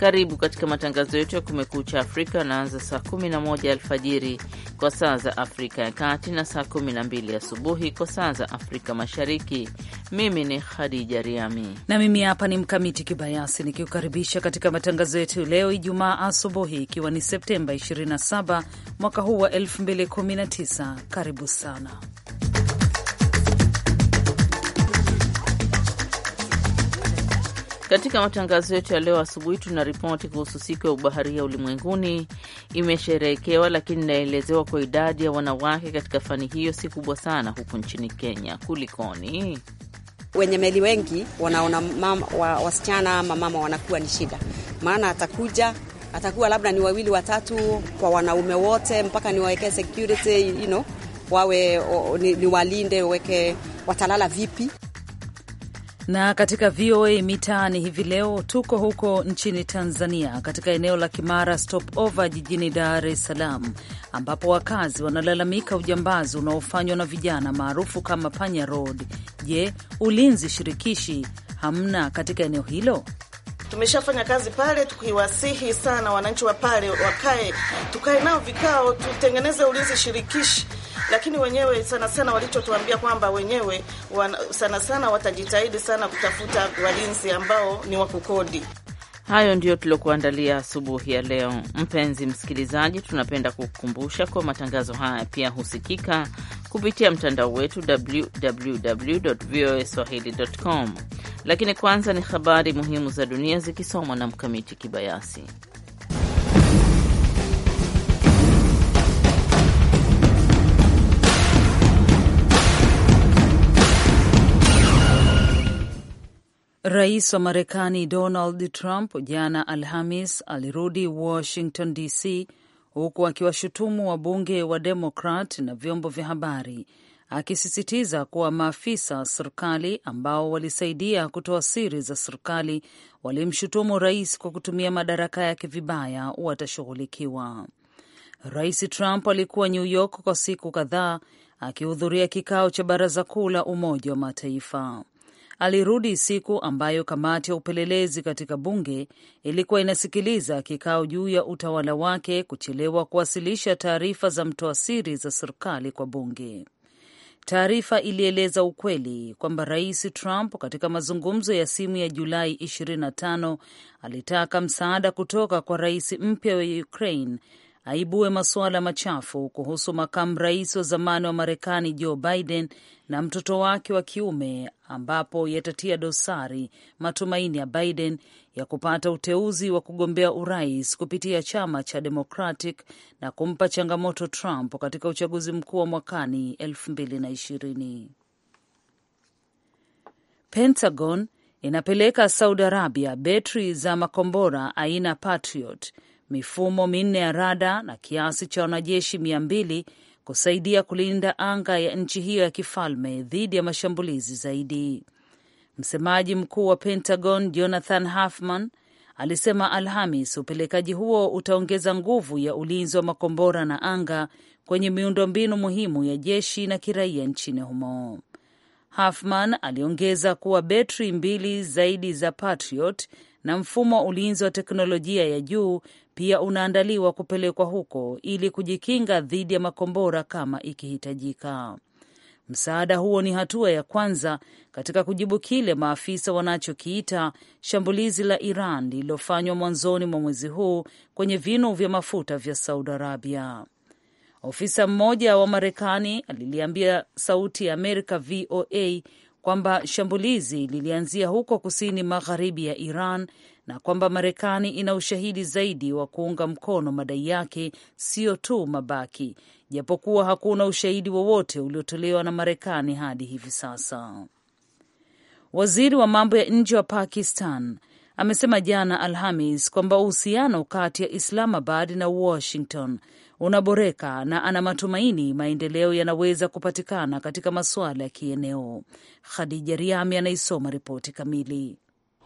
Karibu katika matangazo yetu ya Kumekucha Afrika yanaanza saa 11 alfajiri kwa saa za Afrika ya Kati na saa 12 asubuhi kwa saa za Afrika Mashariki. Mimi ni Khadija Riami na mimi hapa ni Mkamiti Kibayasi nikiukaribisha katika matangazo yetu leo Ijumaa asubuhi, ikiwa ni Septemba 27 mwaka huu wa 2019. Karibu sana Katika matangazo yetu ya leo asubuhi, tuna ripoti kuhusu siku ya ubaharia ulimwenguni. Imesherehekewa lakini inaelezewa kwa idadi ya wanawake katika fani hiyo si kubwa sana huku nchini Kenya. Kulikoni? wenye meli wengi wanaona mama, wa, wasichana ama mama wanakuwa ni shida, maana atakuja atakuwa labda ni wawili watatu kwa wanaume wote, mpaka niwawekee security you know, wawe o, ni, ni walinde weke watalala vipi? Na katika VOA Mitaani hivi leo tuko huko nchini Tanzania, katika eneo la Kimara Stopover jijini Dar es Salaam, ambapo wakazi wanalalamika ujambazi unaofanywa na vijana maarufu kama panya road. Je, ulinzi shirikishi hamna katika eneo hilo? Tumeshafanya kazi pale tukiwasihi sana wananchi wa pale wakae, tukae nao vikao, tutengeneze ulinzi shirikishi lakini wenyewe sana sana walichotuambia kwamba wenyewe wana, sana sana watajitahidi sana kutafuta walinzi ambao ni wa kukodi. Hayo ndiyo tuliokuandalia asubuhi ya leo. Mpenzi msikilizaji, tunapenda kukukumbusha kwa matangazo haya pia husikika kupitia mtandao wetu www voa swahili.com. Lakini kwanza ni habari muhimu za dunia zikisomwa na Mkamiti Kibayasi. Rais wa Marekani Donald Trump jana Alhamis alirudi Washington DC huku akiwashutumu wabunge wa Demokrat na vyombo vya habari akisisitiza kuwa maafisa wa serikali ambao walisaidia kutoa siri za serikali walimshutumu rais kwa kutumia madaraka yake vibaya watashughulikiwa. Rais Trump alikuwa New York kwa siku kadhaa akihudhuria kikao cha baraza kuu la Umoja wa Mataifa alirudi siku ambayo kamati ya upelelezi katika bunge ilikuwa inasikiliza kikao juu ya utawala wake kuchelewa kuwasilisha taarifa za mtoa siri za serikali kwa bunge. Taarifa ilieleza ukweli kwamba Rais Trump katika mazungumzo ya simu ya Julai 25 alitaka msaada kutoka kwa rais mpya wa Ukraine aibue masuala machafu kuhusu makamu rais wa zamani wa Marekani Joe Biden na mtoto wake wa kiume, ambapo yatatia dosari matumaini ya Biden ya kupata uteuzi wa kugombea urais kupitia chama cha Democratic na kumpa changamoto Trump katika uchaguzi mkuu wa mwakani 2020. Pentagon inapeleka Saudi Arabia betri za makombora aina Patriot mifumo minne ya rada na kiasi cha wanajeshi mia mbili kusaidia kulinda anga ya nchi hiyo ya kifalme dhidi ya mashambulizi zaidi. Msemaji mkuu wa Pentagon Jonathan hafman alisema Alhamis upelekaji huo utaongeza nguvu ya ulinzi wa makombora na anga kwenye miundombinu muhimu ya jeshi na kiraia nchini humo. hafman aliongeza kuwa betri mbili zaidi za Patriot na mfumo wa ulinzi wa teknolojia ya juu pia unaandaliwa kupelekwa huko ili kujikinga dhidi ya makombora kama ikihitajika. Msaada huo ni hatua ya kwanza katika kujibu kile maafisa wanachokiita shambulizi la Iran lililofanywa mwanzoni mwa mwezi huu kwenye vinu vya mafuta vya Saudi Arabia. Ofisa mmoja wa Marekani aliliambia Sauti ya Amerika VOA kwamba shambulizi lilianzia huko kusini magharibi ya Iran na kwamba Marekani ina ushahidi zaidi wa kuunga mkono madai yake, sio tu mabaki, japokuwa hakuna ushahidi wowote uliotolewa na Marekani hadi hivi sasa. Waziri wa mambo ya nje wa Pakistan amesema jana Alhamis kwamba uhusiano kati ya Islamabad na Washington unaboreka na ana matumaini maendeleo yanaweza kupatikana katika masuala ya kieneo. Khadija Riami anaisoma ripoti kamili.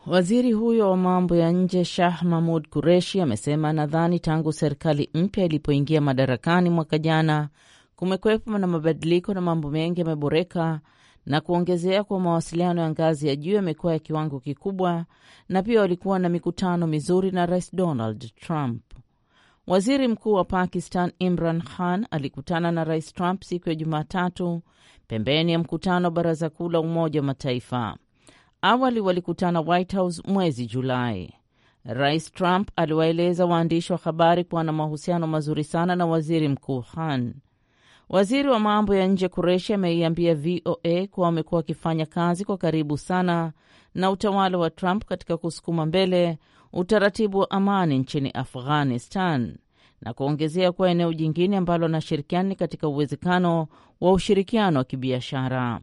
Waziri huyo wa mambo ya nje Shah Mahmud Kureshi amesema nadhani tangu serikali mpya ilipoingia madarakani mwaka jana kumekwepo na mabadiliko na mambo mengi yameboreka, na kuongezea kwa mawasiliano ya ngazi ya juu yamekuwa ya kiwango kikubwa, na pia walikuwa na mikutano mizuri na Rais Donald Trump. Waziri mkuu wa Pakistan Imran Khan alikutana na Rais Trump siku ya Jumatatu pembeni ya mkutano wa Baraza Kuu la Umoja wa Mataifa. Awali walikutana White House mwezi Julai. Rais Trump aliwaeleza waandishi wa habari kuwa na mahusiano mazuri sana na waziri mkuu Han. Waziri wa mambo ya nje Kureshi ameiambia VOA kuwa wamekuwa wakifanya kazi kwa karibu sana na utawala wa Trump katika kusukuma mbele utaratibu wa amani nchini Afghanistan na kuongezea kuwa eneo jingine ambalo wanashirikiana ni katika uwezekano wa ushirikiano wa kibiashara.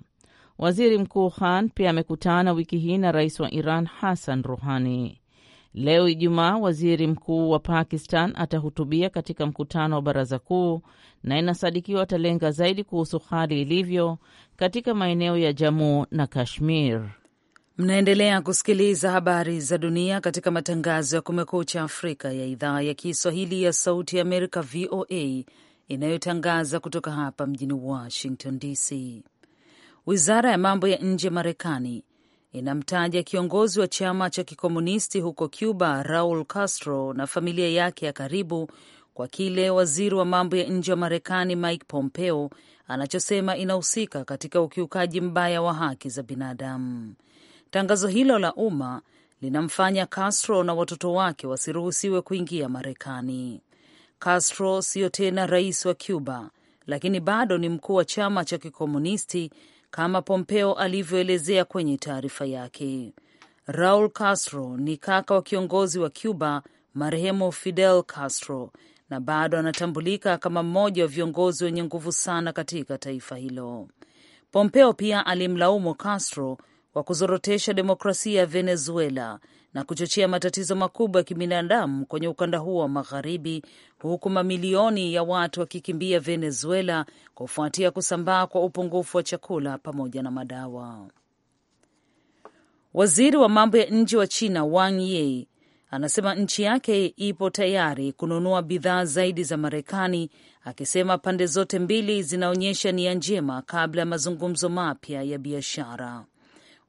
Waziri Mkuu Khan pia amekutana wiki hii na rais wa Iran Hassan Ruhani. Leo Ijumaa, waziri mkuu wa Pakistan atahutubia katika mkutano wa baraza kuu, na inasadikiwa atalenga zaidi kuhusu hali ilivyo katika maeneo ya Jammu na Kashmir. Mnaendelea kusikiliza habari za dunia katika matangazo ya Kumekucha Afrika ya idhaa ya Kiswahili ya Sauti Amerika, VOA, inayotangaza kutoka hapa mjini Washington DC. Wizara ya mambo ya nje Marekani inamtaja kiongozi wa chama cha kikomunisti huko Cuba Raul Castro na familia yake ya karibu kwa kile waziri wa mambo ya nje wa Marekani Mike Pompeo anachosema inahusika katika ukiukaji mbaya wa haki za binadamu. Tangazo hilo la umma linamfanya Castro na watoto wake wasiruhusiwe kuingia Marekani. Castro siyo tena rais wa Cuba, lakini bado ni mkuu wa chama cha kikomunisti kama Pompeo alivyoelezea kwenye taarifa yake. Raul Castro ni kaka wa kiongozi wa Cuba marehemu Fidel Castro na bado anatambulika kama mmoja wa viongozi wenye nguvu sana katika taifa hilo. Pompeo pia alimlaumu Castro kwa kuzorotesha demokrasia ya Venezuela na kuchochea matatizo makubwa ya kibinadamu kwenye ukanda huo wa magharibi, huku mamilioni ya watu wakikimbia Venezuela kufuatia kusambaa kwa upungufu wa chakula pamoja na madawa. Waziri wa mambo ya nje wa China Wang Yi anasema nchi yake ipo tayari kununua bidhaa zaidi za Marekani, akisema pande zote mbili zinaonyesha nia njema kabla ya mazungumzo mapya ya biashara.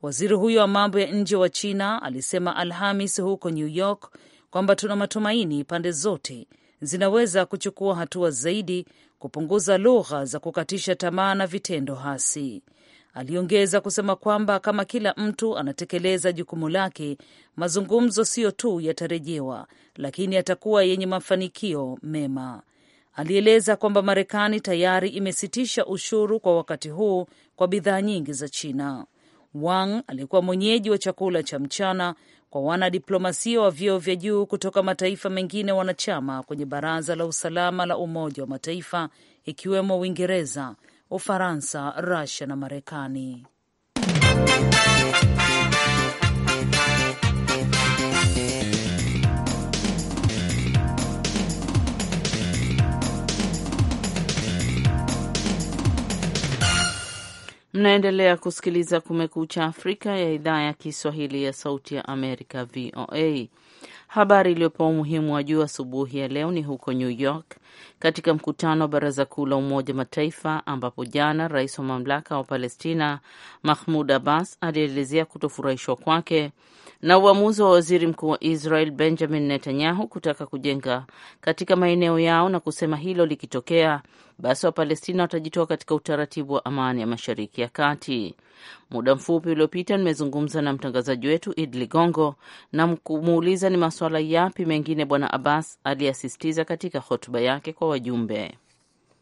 Waziri huyo wa mambo ya nje wa China alisema Alhamis huko New York kwamba tuna matumaini pande zote zinaweza kuchukua hatua zaidi kupunguza lugha za kukatisha tamaa na vitendo hasi. Aliongeza kusema kwamba kama kila mtu anatekeleza jukumu lake, mazungumzo siyo tu yatarejewa, lakini yatakuwa yenye mafanikio mema. Alieleza kwamba Marekani tayari imesitisha ushuru kwa wakati huu kwa bidhaa nyingi za China. Wang alikuwa mwenyeji wa chakula cha mchana kwa wanadiplomasia wa vyeo vya juu kutoka mataifa mengine wanachama kwenye Baraza la Usalama la Umoja wa Mataifa, ikiwemo Uingereza, Ufaransa, Rusia na Marekani. Mnaendelea kusikiliza Kumekucha Afrika ya idhaa ya Kiswahili ya Sauti ya Amerika, VOA. Habari iliyopewa umuhimu wa juu asubuhi ya leo ni huko New York katika mkutano wa Baraza Kuu la Umoja Mataifa, ambapo jana rais wa mamlaka wa Palestina Mahmud Abbas alielezea kutofurahishwa kwake na uamuzi wa waziri mkuu wa Israel Benjamin Netanyahu kutaka kujenga katika maeneo yao na kusema hilo likitokea basi Wapalestina watajitoa katika utaratibu wa amani ya Mashariki ya Kati. Muda mfupi uliopita nimezungumza na mtangazaji wetu Id Ligongo na kumuuliza ni masuala yapi mengine Bwana Abbas aliyasisitiza katika hotuba yake kwa wajumbe.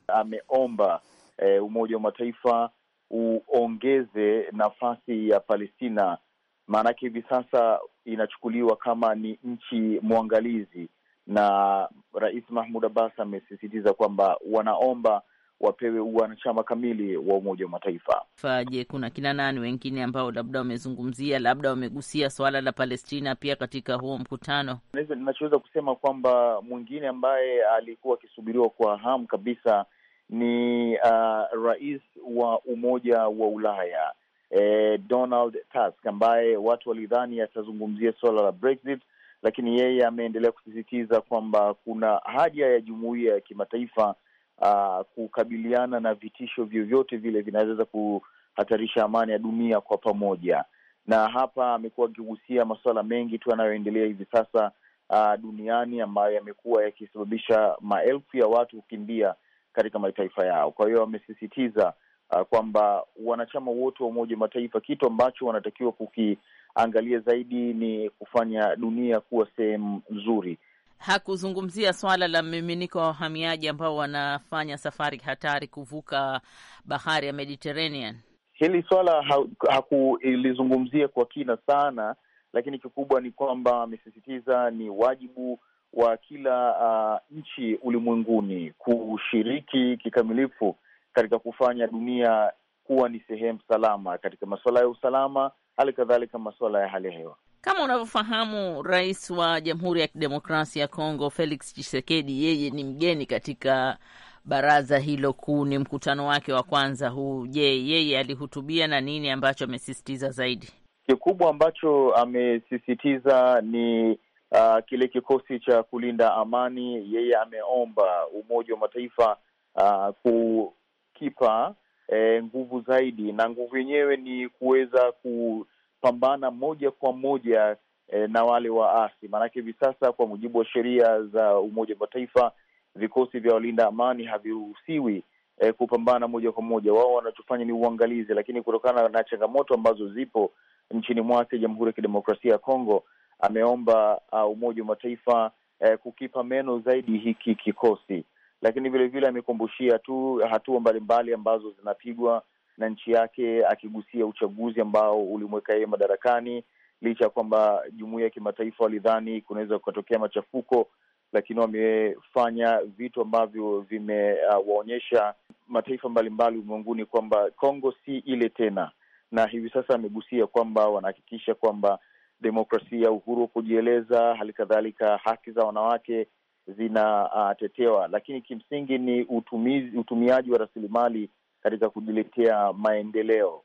Ameomba e, Umoja wa Mataifa uongeze nafasi ya Palestina, maanake hivi sasa inachukuliwa kama ni nchi mwangalizi na Rais Mahmud Abbas amesisitiza kwamba wanaomba wapewe uwanachama kamili wa Umoja wa Mataifa. faje kuna kina nani wengine ambao labda wamezungumzia, labda wamegusia swala la Palestina pia katika huo mkutano? Nachoweza kusema kwamba mwingine ambaye alikuwa akisubiriwa kwa hamu kabisa ni uh, rais wa Umoja wa Ulaya eh, Donald Tusk ambaye watu walidhani atazungumzia swala la Brexit lakini yeye ameendelea kusisitiza kwamba kuna haja ya jumuiya ya kimataifa uh, kukabiliana na vitisho vyovyote vile vinaweza kuhatarisha amani ya dunia kwa pamoja. Na hapa amekuwa akigusia masuala mengi tu yanayoendelea hivi sasa uh, duniani ambayo yamekuwa yakisababisha maelfu ya watu kukimbia katika mataifa yao. Kwa hiyo amesisitiza uh, kwamba wanachama wote wa Umoja Mataifa, kitu ambacho wanatakiwa kuki angalia zaidi ni kufanya dunia kuwa sehemu nzuri. Hakuzungumzia swala la mmiminiko wa wahamiaji ambao wanafanya safari hatari kuvuka bahari ya Mediterranean. Hili swala ha, hakulizungumzia kwa kina sana, lakini kikubwa ni kwamba amesisitiza ni wajibu wa kila uh, nchi ulimwenguni kushiriki kikamilifu katika kufanya dunia kuwa ni sehemu salama katika masuala ya usalama hali kadhalika masuala ya hali ya hewa. Kama unavyofahamu, rais wa Jamhuri ya Kidemokrasia ya Kongo Felix Tshisekedi, yeye ni mgeni katika baraza hilo kuu, ni mkutano wake wa kwanza huu. Je, yeye alihutubia na nini ambacho amesisitiza zaidi? Kikubwa ambacho amesisitiza ni uh, kile kikosi cha kulinda amani. Yeye ameomba Umoja wa Mataifa uh, kukipa e, nguvu zaidi, na nguvu yenyewe ni kuweza kupambana moja kwa moja e, na wale waasi. Maanake hivi sasa kwa mujibu wa sheria za Umoja wa Mataifa vikosi vya walinda amani haviruhusiwi e, kupambana moja kwa moja. Wao wanachofanya ni uangalizi, lakini kutokana na changamoto ambazo zipo nchini mwake Jamhuri ya Kidemokrasia ya Kongo ameomba uh, Umoja wa Mataifa uh, kukipa meno zaidi hiki kikosi lakini vilevile amekumbushia tu hatua mbalimbali ambazo zinapigwa na nchi yake, akigusia uchaguzi ambao ulimweka yeye madarakani, licha ya kwamba jumuia ya kimataifa walidhani kunaweza kukatokea machafuko, lakini wamefanya vitu ambavyo vimewaonyesha uh, mataifa mbalimbali ulimwenguni kwamba Kongo si ile tena, na hivi sasa amegusia kwamba wanahakikisha kwamba demokrasia, uhuru wa kujieleza, hali kadhalika haki za wanawake zinatetewa, lakini kimsingi ni utumizi, utumiaji wa rasilimali katika kujiletea maendeleo.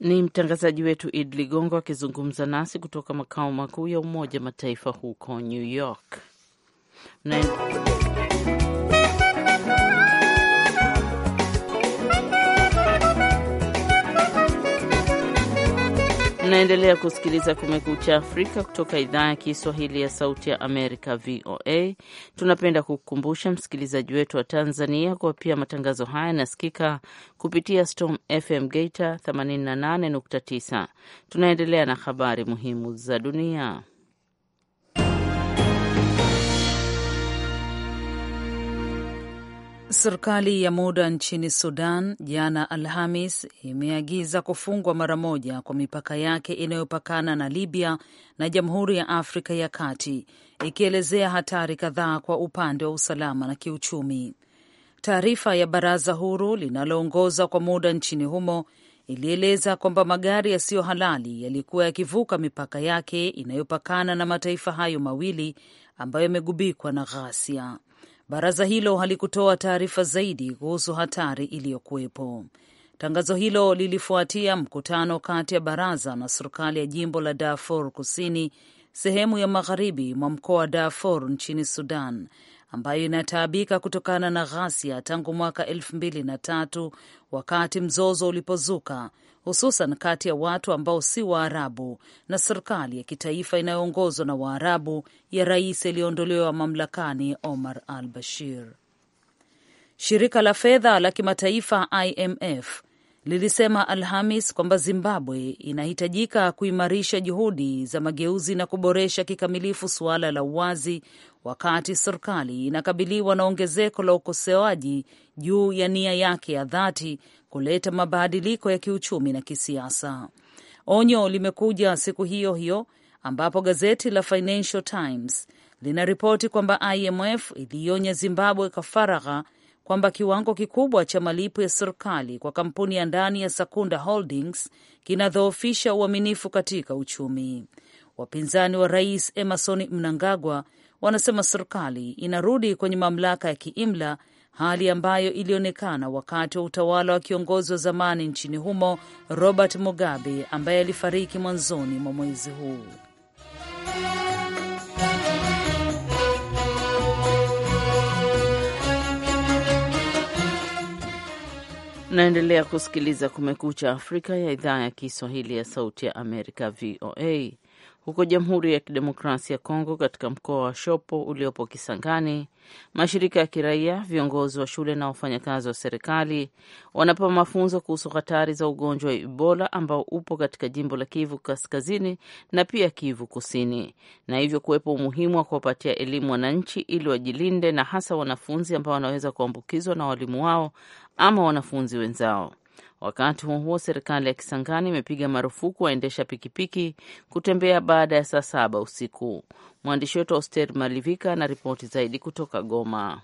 Ni mtangazaji wetu Id Ligongo akizungumza nasi kutoka makao makuu ya Umoja Mataifa huko New York. Mnaendelea kusikiliza Kumekucha Afrika kutoka idhaa ya Kiswahili ya Sauti ya Amerika, VOA. Tunapenda kukukumbusha msikilizaji wetu wa Tanzania kuwa pia matangazo haya yanasikika kupitia Storm FM Geita 88.9. Tunaendelea na habari muhimu za dunia. Serikali ya muda nchini Sudan jana Alhamis imeagiza kufungwa mara moja kwa mipaka yake inayopakana na Libya na Jamhuri ya Afrika ya Kati, ikielezea hatari kadhaa kwa upande wa usalama na kiuchumi. Taarifa ya baraza huru linaloongoza kwa muda nchini humo ilieleza kwamba magari yasiyo halali yalikuwa yakivuka mipaka yake inayopakana na mataifa hayo mawili ambayo yamegubikwa na ghasia. Baraza hilo halikutoa taarifa zaidi kuhusu hatari iliyokuwepo. Tangazo hilo lilifuatia mkutano kati ya baraza na serikali ya jimbo la Darfur Kusini, sehemu ya magharibi mwa mkoa wa Darfur nchini Sudan, ambayo inataabika kutokana na ghasia tangu mwaka elfu mbili na tatu wakati mzozo ulipozuka hususan kati ya watu ambao si Waarabu na serikali ya kitaifa inayoongozwa na Waarabu ya rais aliyeondolewa mamlakani Omar al Bashir. Shirika la fedha la kimataifa IMF lilisema Alhamis kwamba Zimbabwe inahitajika kuimarisha juhudi za mageuzi na kuboresha kikamilifu suala la uwazi, wakati serikali inakabiliwa na ongezeko la ukosoaji juu ya nia yake ya dhati kuleta mabadiliko ya kiuchumi na kisiasa. Onyo limekuja siku hiyo hiyo ambapo gazeti la Financial Times linaripoti kwamba IMF ilionya Zimbabwe kwa faragha kwamba kiwango kikubwa cha malipo ya serikali kwa kampuni ya ndani ya Sakunda Holdings kinadhoofisha uaminifu katika uchumi. Wapinzani wa rais Emerson Mnangagwa wanasema serikali inarudi kwenye mamlaka ya kiimla, hali ambayo ilionekana wakati wa utawala wa kiongozi wa zamani nchini humo Robert Mugabe ambaye alifariki mwanzoni mwa mwezi huu. Naendelea kusikiliza Kumekucha Afrika ya idhaa ya Kiswahili ya Sauti ya Amerika, VOA. Huko Jamhuri ya Kidemokrasia ya Kongo, katika mkoa wa Shopo uliopo Kisangani, mashirika ya kiraia, viongozi wa shule na wafanyakazi wa serikali wanapewa mafunzo kuhusu hatari za ugonjwa wa Ebola ambao upo katika jimbo la Kivu Kaskazini na pia Kivu Kusini, na hivyo kuwepo umuhimu wa kuwapatia elimu wananchi ili wajilinde, na hasa wanafunzi ambao wanaweza kuambukizwa na walimu wao ama wanafunzi wenzao. Wakati huo huo, serikali ya Kisangani imepiga marufuku waendesha pikipiki kutembea baada ya saa saba usiku. Mwandishi wetu Auster Malivika ana ripoti zaidi kutoka Goma.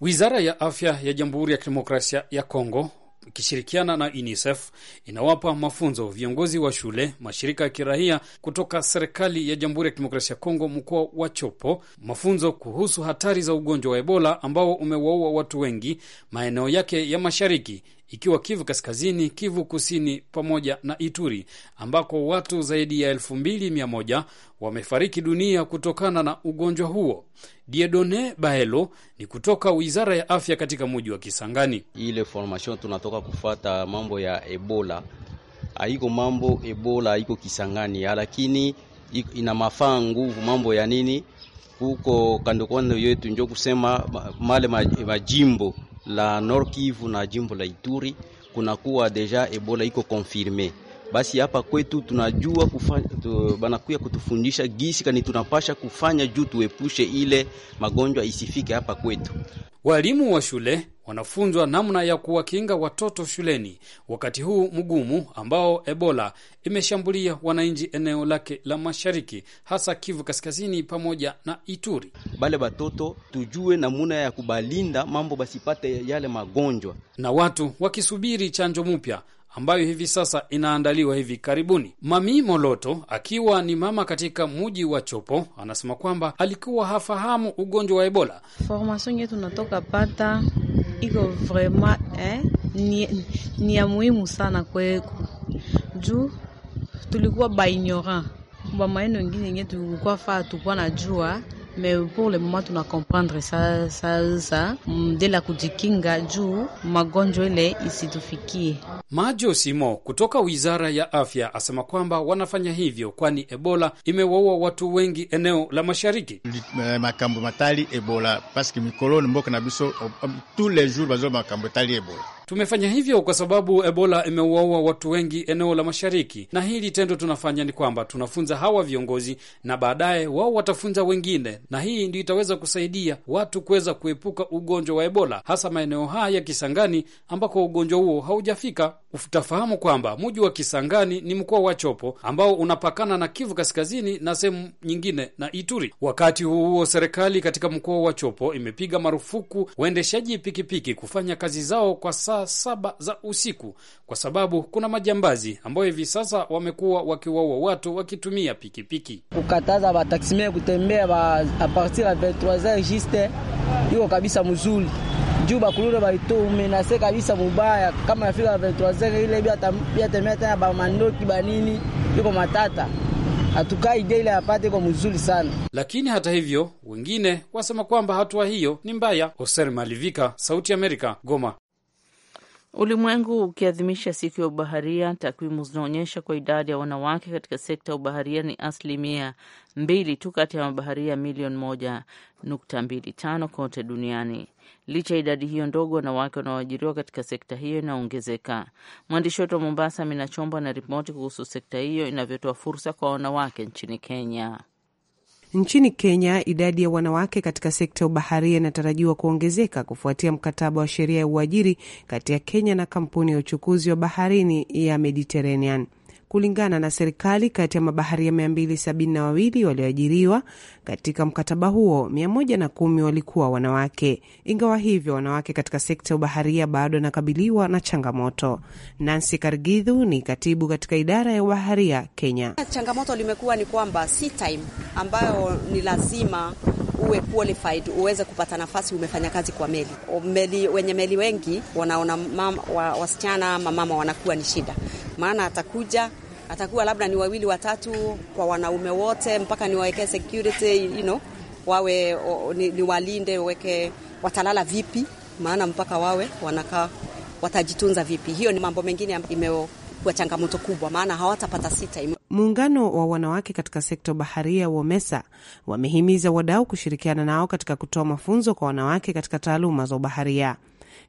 Wizara ya afya ya Jamhuri ya Kidemokrasia ya Kongo ikishirikiana na UNICEF inawapa mafunzo viongozi wa shule, mashirika ya kirahia kutoka serikali ya Jamhuri ya Kidemokrasia ya Kongo mkoa wa Chopo, mafunzo kuhusu hatari za ugonjwa wa Ebola ambao umewaua watu wengi maeneo yake ya mashariki ikiwa Kivu Kaskazini, Kivu Kusini pamoja na Ituri ambako watu zaidi ya elfu mbili mia moja wamefariki dunia kutokana na ugonjwa huo. Diedone Baelo ni kutoka Wizara ya Afya katika muji wa Kisangani. Ile formation tunatoka kufata mambo ya Ebola haiko mambo Ebola haiko Kisangani, lakini ina mafaa nguvu mambo ya nini huko kandokando yetu, njo kusema male majimbo la Nord Kivu na jimbo la Ituri kunakuwa deja Ebola iko confirme. Basi hapa kwetu tunajua kufanya tu, banakuya kutufundisha gisi kani tunapasha kufanya juu tuepushe ile magonjwa isifike hapa kwetu. Walimu wa shule wanafunzwa namna ya kuwakinga watoto shuleni wakati huu mgumu ambao Ebola imeshambulia wananchi eneo lake la mashariki, hasa Kivu Kaskazini pamoja na Ituri. Bale batoto tujue namuna ya kubalinda mambo basipate yale magonjwa, na watu wakisubiri chanjo mpya ambayo hivi sasa inaandaliwa hivi karibuni. Mami Moloto akiwa ni mama katika muji wa Chopo anasema kwamba alikuwa hafahamu ugonjwa wa Ebola. Formasion yetu natoka pata iko vraiment eh, ni, ni ya muhimu sana kweku juu tulikuwa baignoran bamaeno ingine yenye tulikuwa faa tukuwa na jua me pour le moment tuna comprendre sasa sa, sa, mde mm, la kujikinga juu magonjwa ile isitufikie. Majo Simo kutoka Wizara ya Afya asema kwamba wanafanya hivyo kwani Ebola imewaua watu wengi eneo la mashariki eh, makambo matali Ebola paske mikoloni mboka na biso tous les jours bazoba makambo etali Ebola Tumefanya hivyo kwa sababu Ebola imeuaua watu wengi eneo la mashariki, na hili tendo tunafanya ni kwamba tunafunza hawa viongozi na baadaye wao watafunza wengine, na hii ndio itaweza kusaidia watu kuweza kuepuka ugonjwa wa Ebola, hasa maeneo haya ya Kisangani ambako ugonjwa huo haujafika. Utafahamu kwamba mji wa Kisangani ni mkoa wa Chopo ambao unapakana na Kivu Kaskazini na sehemu nyingine na Ituri. Wakati huo huo, serikali katika mkoa wa Chopo imepiga marufuku waendeshaji pikipiki kufanya kazi zao kwa saa saa saba za usiku, kwa sababu kuna majambazi ambayo hivi sasa wamekuwa wakiwaua watu wakitumia pikipiki piki. Kukataza bataksime kutembea ba, apartir ya 23h juste iko kabisa mzuri juu bakulule baito baitumenase kabisa mubaya kama afika 23h ile biatemea tena bamandoki banini iko matata hatukai ile apate kwa mzuri sana lakini, hata hivyo, wengine wasema kwamba hatua hiyo ni mbaya. Hoser Malivika, Sauti ya Amerika, Goma. Ulimwengu ukiadhimisha siku ya ubaharia, takwimu zinaonyesha kwa idadi ya wanawake katika sekta ya ubaharia ni asilimia mbili tu kati ya mabaharia milioni moja nukta mbili tano kote duniani. Licha ya idadi hiyo ndogo, wanawake wanaoajiriwa katika sekta hiyo inaongezeka. Mwandishi wetu wa Mombasa, Amina Chombo, anaripoti kuhusu sekta hiyo inavyotoa fursa kwa wanawake nchini Kenya. Nchini Kenya, idadi ya wanawake katika sekta ya ubaharia inatarajiwa kuongezeka kufuatia mkataba wa sheria ya uajiri kati ya Kenya na kampuni ya uchukuzi wa baharini ya Mediterranean kulingana na serikali. Kati ya mabaharia 272 walioajiriwa katika mkataba huo, 11 walikuwa wanawake. Ingawa hivyo, wanawake katika sekta ya ubaharia bado wanakabiliwa na changamoto. Nancy Kargidhu ni katibu katika idara ya ubaharia Kenya. Changamoto limekuwa ni kwamba sea time ambayo ni lazima uwe qualified uweze kupata nafasi, umefanya kazi kwa meli. Meli wenye meli wengi wanaona wa, wasichana mamama wanakuwa ni shida, maana atakuja atakuwa labda ni wawili watatu kwa wanaume wote, mpaka niwawekee security you know, wawe niwalinde, ni weke watalala vipi, maana mpaka wawe wanakaa watajitunza vipi. Hiyo ni mambo mengine imekuwa changamoto kubwa, maana hawatapata sita. Muungano wa wanawake katika sekta baharia WOMESA wamehimiza wadau kushirikiana nao katika kutoa mafunzo kwa wanawake katika taaluma za ubaharia.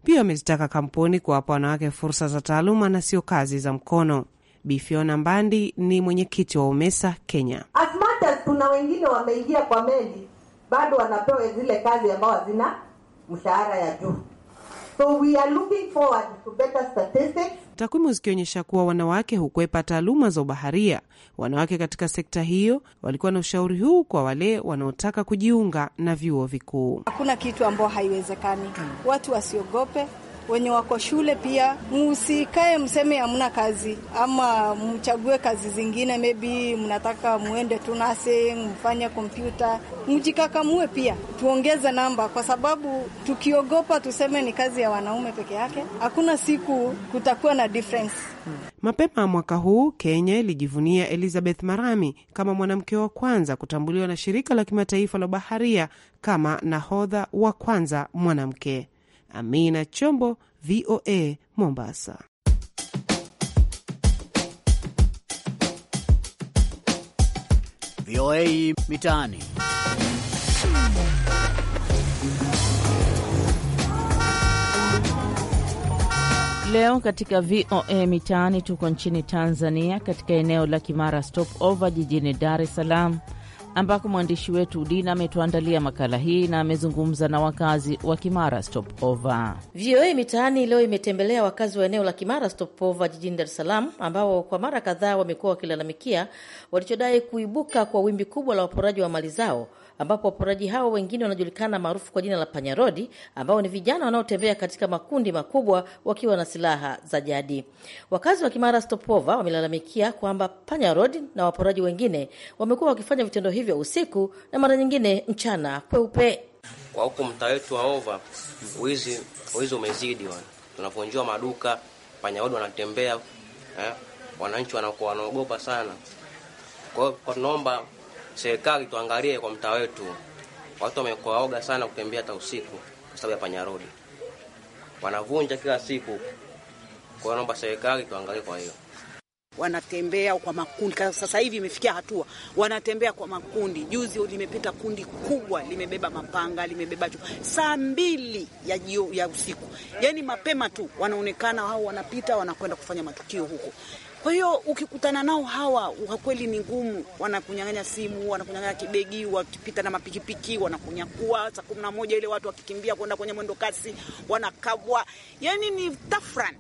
Pia wamezitaka kampuni kuwapa wanawake fursa za taaluma na sio kazi za mkono. Bifiona Mbandi ni mwenyekiti wa Umesa Kenya. As much as kuna wengine wameingia kwa meli, bado wanapewa zile kazi ambao hazina mshahara ya juu. So we are looking forward to better statistics. Takwimu zikionyesha kuwa wanawake hukwepa taaluma za ubaharia. Wanawake katika sekta hiyo walikuwa na ushauri huu kwa wale wanaotaka kujiunga na vyuo vikuu. Hakuna kitu ambao haiwezekani, hmm. watu wasiogope wenye wako shule pia, musikae mseme hamna kazi ama mchague kazi zingine, maybe mnataka muende tu nase mfanye kompyuta, mjikakamue pia, tuongeze namba, kwa sababu tukiogopa tuseme ni kazi ya wanaume peke yake, hakuna siku kutakuwa na difference. Mapema mwaka huu Kenya ilijivunia Elizabeth Marami kama mwanamke wa kwanza kutambuliwa na shirika la kimataifa la baharia kama nahodha wa kwanza mwanamke. Amina Chombo, VOA Mombasa. VOA Mitaani. Leo katika VOA Mitaani tuko nchini Tanzania, katika eneo la Kimara Stopover jijini Dar es Salaam ambako mwandishi wetu Dina ametuandalia makala hii na amezungumza na wakazi wa Kimara Stopover. VOA e Mitaani leo imetembelea wakazi wa eneo la Kimara Stopover jijini Dar es Salaam, ambao kwa mara kadhaa wamekuwa wakilalamikia walichodai kuibuka kwa wimbi kubwa la waporaji wa mali zao ambapo waporaji hao wengine wanajulikana maarufu kwa jina la panyarodi, ambao ni vijana wanaotembea katika makundi makubwa wakiwa na silaha za jadi. Wakazi wa Kimara Stopova wamelalamikia kwamba panyarodi na waporaji wengine wamekuwa wakifanya vitendo hivyo usiku na mara nyingine mchana kweupe. Kwa huku mtaa wetu wa Ova, wizi wizi umezidi, tunavunjiwa maduka, panyarodi wanatembea eh, wananchi wanaogopa sana. Kwa hiyo tunaomba serikali tuangalie kwa mtaa wetu, watu wamekuwa sana kutembea hata usiku kwa sababu ya panyarodi, wanavunja kila siku. Kwa hiyo naomba serikali tuangalie. Kwa hiyo wanatembea kwa makundi. Sasa hivi imefikia hatua wanatembea kwa makundi. Juzi limepita kundi kubwa limebeba mapanga, limebeba chupa, saa mbili ya jio, ya usiku, yaani mapema tu wanaonekana hao, wanapita wanakwenda kufanya matukio huko. Kwa hiyo ukikutana nao hawa, kwa kweli ni ngumu. Wanakunyang'anya simu, wanakunyang'anya kibegi, wakipita na mapikipiki wanakunyakua. Saa kumi na moja ile watu wakikimbia kwenda kwenye mwendo kasi wanakabwa, yani ni tafran.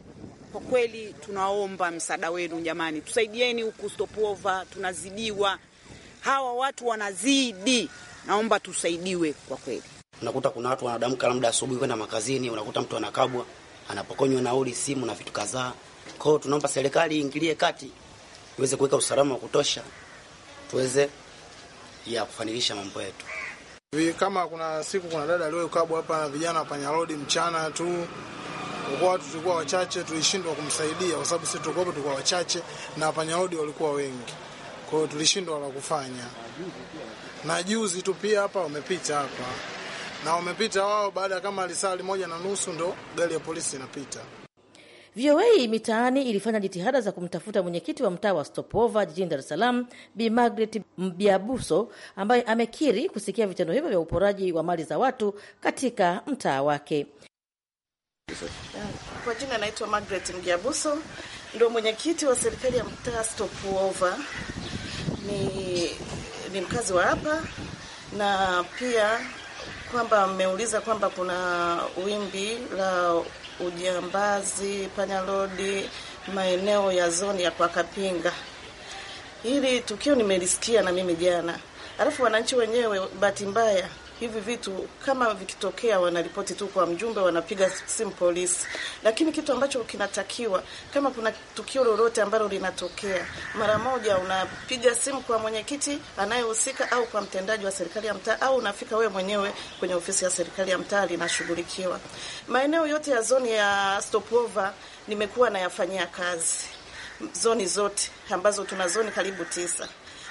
Kwa kweli tunaomba msaada wenu jamani, tusaidieni huku Stopova, tunazidiwa, hawa watu wanazidi, naomba tusaidiwe kwa kweli. Unakuta kuna watu wanadamka labda asubuhi kwenda makazini, unakuta mtu anakabwa, anapokonywa nauli, simu na vitu kadhaa kwa hiyo tunaomba serikali iingilie kati iweze kuweka usalama wa kutosha tuweze ya kufanikisha mambo yetu. Kama kuna siku kuna dada aliyokabwa hapa na vijana wa panyarodi mchana tu kwa watu tulikuwa wachache, tulishindwa kumsaidia kwa sababu sisi tulikuwa tulikuwa wachache na panyarodi walikuwa wengi, kwa hiyo tulishindwa la kufanya. Na juzi tu pia hapa wamepita hapa na wamepita wao, baada ya kama lisali moja na nusu ndo gari ya polisi inapita. VOA Mitaani ilifanya jitihada za kumtafuta mwenyekiti wa mtaa wa Stopova jijini Dar es Salaam, Bi Margaret Mbiabuso, ambaye amekiri kusikia vitendo hivyo vya uporaji wa mali za watu katika mtaa wake. Kwa jina naitwa Margaret Mbiabuso, ndio mwenyekiti wa serikali ya mtaa Stopova. Ni, ni mkazi wa hapa na pia kwamba mmeuliza kwamba kuna wimbi la Ujambazi, Panya lodi maeneo ya zoni ya Kwakapinga. Hili tukio nimelisikia na mimi jana, alafu wananchi wenyewe bahati mbaya hivi vitu kama vikitokea, wanaripoti tu kwa mjumbe, wanapiga simu polisi. Lakini kitu ambacho kinatakiwa, kama kuna tukio lolote ambalo linatokea, mara moja unapiga simu kwa mwenyekiti anayehusika au kwa mtendaji wa serikali ya mtaa, au unafika wewe mwenyewe kwenye ofisi ya serikali ya mtaa, linashughulikiwa. Maeneo yote ya zoni ya Stopova nimekuwa nayafanyia kazi, zoni zote ambazo tuna zoni karibu tisa.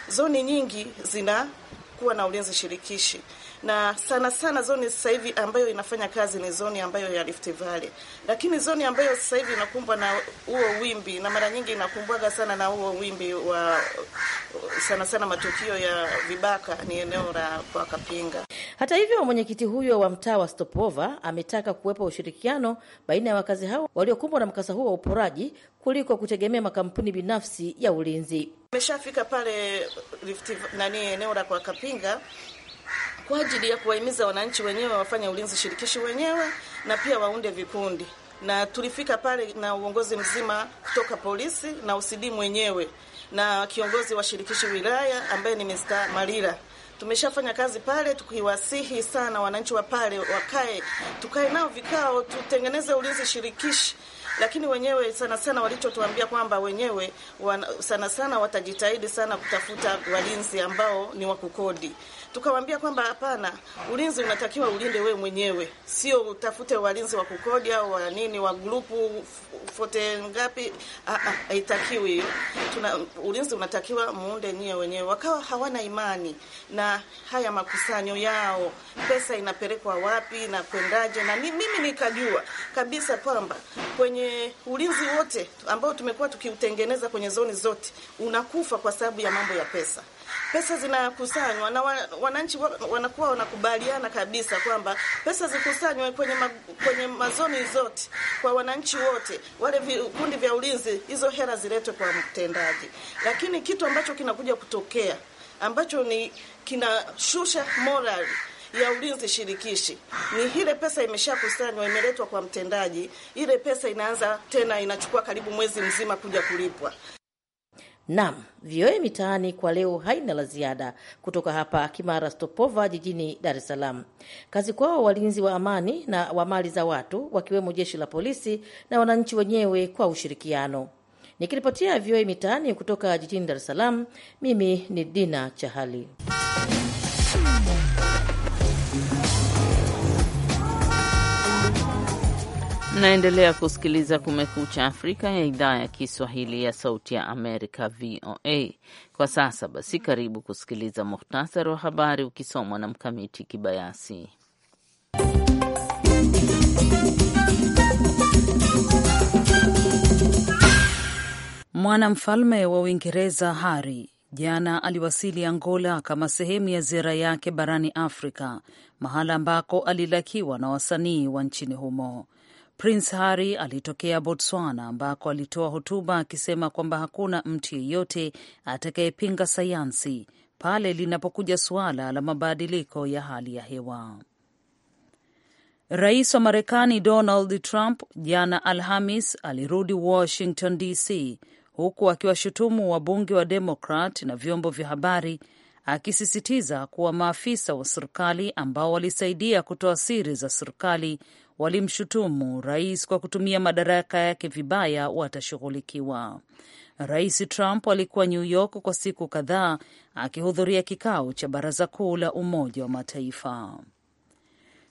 Zoni nyingi zinakuwa na ulinzi shirikishi na sana sana zoni sasa hivi ambayo inafanya kazi ni zoni ambayo ya Rift Valley, lakini zoni ambayo sasa hivi inakumbwa na huo wimbi, na mara nyingi inakumbwaga sana na huo wimbi wa sana sana matukio ya vibaka ni eneo la kwa Kapinga. Hata hivyo, mwenyekiti huyo wa mtaa wa Stopover ametaka kuwepo ushirikiano baina ya wakazi hao waliokumbwa na mkasa huo wa uporaji kuliko kutegemea makampuni binafsi ya ulinzi. Ameshafika pale Rift nani eneo la kwa Kapinga kwa ajili ya kuwahimiza wananchi wenyewe wafanye ulinzi shirikishi wenyewe na pia waunde vikundi, na tulifika pale na uongozi mzima kutoka polisi na usidi mwenyewe na kiongozi wa shirikishi wilaya ambaye ni Mr. Malila. Tumeshafanya kazi pale tukiwasihi sana wananchi wa pale wakae, tukae nao vikao, tutengeneze ulinzi shirikishi lakini wenyewe sana sana walichotuambia kwamba wenyewe wana, sana sana watajitahidi sana kutafuta walinzi ambao ni wa kukodi. Tukawaambia kwamba hapana, ulinzi unatakiwa ulinde we mwenyewe, sio utafute walinzi wa kukodi au wa nini wa grupu fote ngapi. Ah, ah, haitakiwi hiyo. Tuna ulinzi unatakiwa muunde nyie wenyewe. Wakawa hawana imani na haya makusanyo yao, pesa inapelekwa wapi na kwendaje, na mimi nikajua kabisa kwamba kwenye ulinzi wote ambao tumekuwa tukiutengeneza kwenye zoni zote unakufa kwa sababu ya mambo ya pesa pesa zinakusanywa na wananchi wanakuwa wanakubaliana kabisa kwamba pesa zikusanywe kwenye ma, kwenye mazoni zote kwa wananchi wote, wale vikundi vya ulinzi, hizo hela ziletwe kwa mtendaji. Lakini kitu ambacho kinakuja kutokea ambacho ni kinashusha morali ya ulinzi shirikishi ni ile pesa imeshakusanywa, imeletwa kwa mtendaji, ile pesa inaanza tena, inachukua karibu mwezi mzima kuja kulipwa nam VOA Mitaani kwa leo haina la ziada kutoka hapa Kimara Stopova jijini Dar es Salaam. Kazi kwao walinzi wa amani na wa mali za watu, wakiwemo jeshi la polisi na wananchi wenyewe kwa ushirikiano. Nikiripotia VOA Mitaani kutoka jijini Dar es Salaam, mimi ni Dina Chahali. Naendelea kusikiliza Kumekucha Afrika ya idhaa ya Kiswahili ya Sauti ya Amerika, VOA. Kwa sasa basi, karibu kusikiliza muhtasari wa habari ukisomwa na Mkamiti Kibayasi. Mwanamfalme wa Uingereza Harry jana aliwasili Angola kama sehemu ya ziara yake barani Afrika, mahala ambako alilakiwa na wasanii wa nchini humo. Prince Harry alitokea Botswana ambako alitoa hotuba akisema kwamba hakuna mtu yeyote atakayepinga sayansi pale linapokuja suala la mabadiliko ya hali ya hewa. Rais wa Marekani Donald Trump jana Alhamis alirudi Washington DC huku akiwashutumu wabunge wa Demokrat na vyombo vya habari akisisitiza kuwa maafisa wa serikali ambao walisaidia kutoa siri za serikali walimshutumu rais kwa kutumia madaraka yake vibaya watashughulikiwa. Rais Trump alikuwa New York kwa siku kadhaa akihudhuria kikao cha baraza kuu la Umoja wa Mataifa.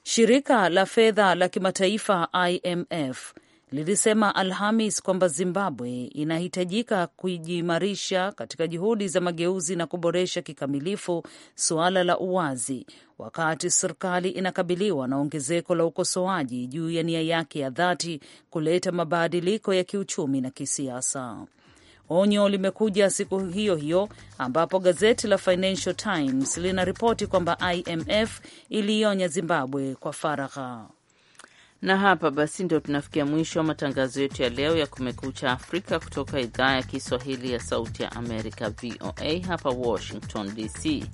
Shirika la fedha la kimataifa IMF lilisema Alhamis kwamba Zimbabwe inahitajika kujiimarisha katika juhudi za mageuzi na kuboresha kikamilifu suala la uwazi, wakati serikali inakabiliwa na ongezeko la ukosoaji juu ya nia yake ya dhati kuleta mabadiliko ya kiuchumi na kisiasa. Onyo limekuja siku hiyo hiyo ambapo gazeti la Financial Times linaripoti kwamba IMF iliionya Zimbabwe kwa faragha. Na hapa basi ndio tunafikia mwisho wa matangazo yetu ya leo ya Kumekucha Afrika kutoka idhaa ya Kiswahili ya Sauti ya Amerika, VOA hapa Washington DC.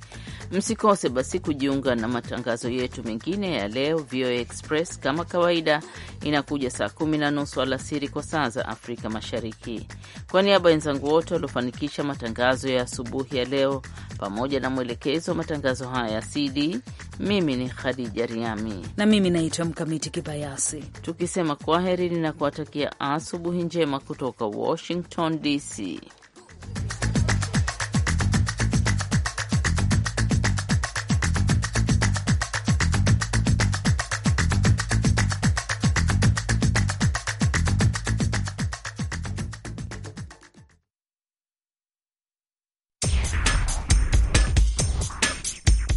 Msikose basi kujiunga na matangazo yetu mengine ya leo. VOA Express kama kawaida inakuja saa kumi na nusu alasiri kwa saa za Afrika Mashariki. Kwa niaba ya wenzangu wote waliofanikisha matangazo ya asubuhi ya leo pamoja na mwelekezo wa matangazo haya ya CD, mimi ni Khadija Riami na mimi naitwa Mkamiti Kibaya basi, tukisema kwaheri na kuwatakia asubuhi njema kutoka Washington DC.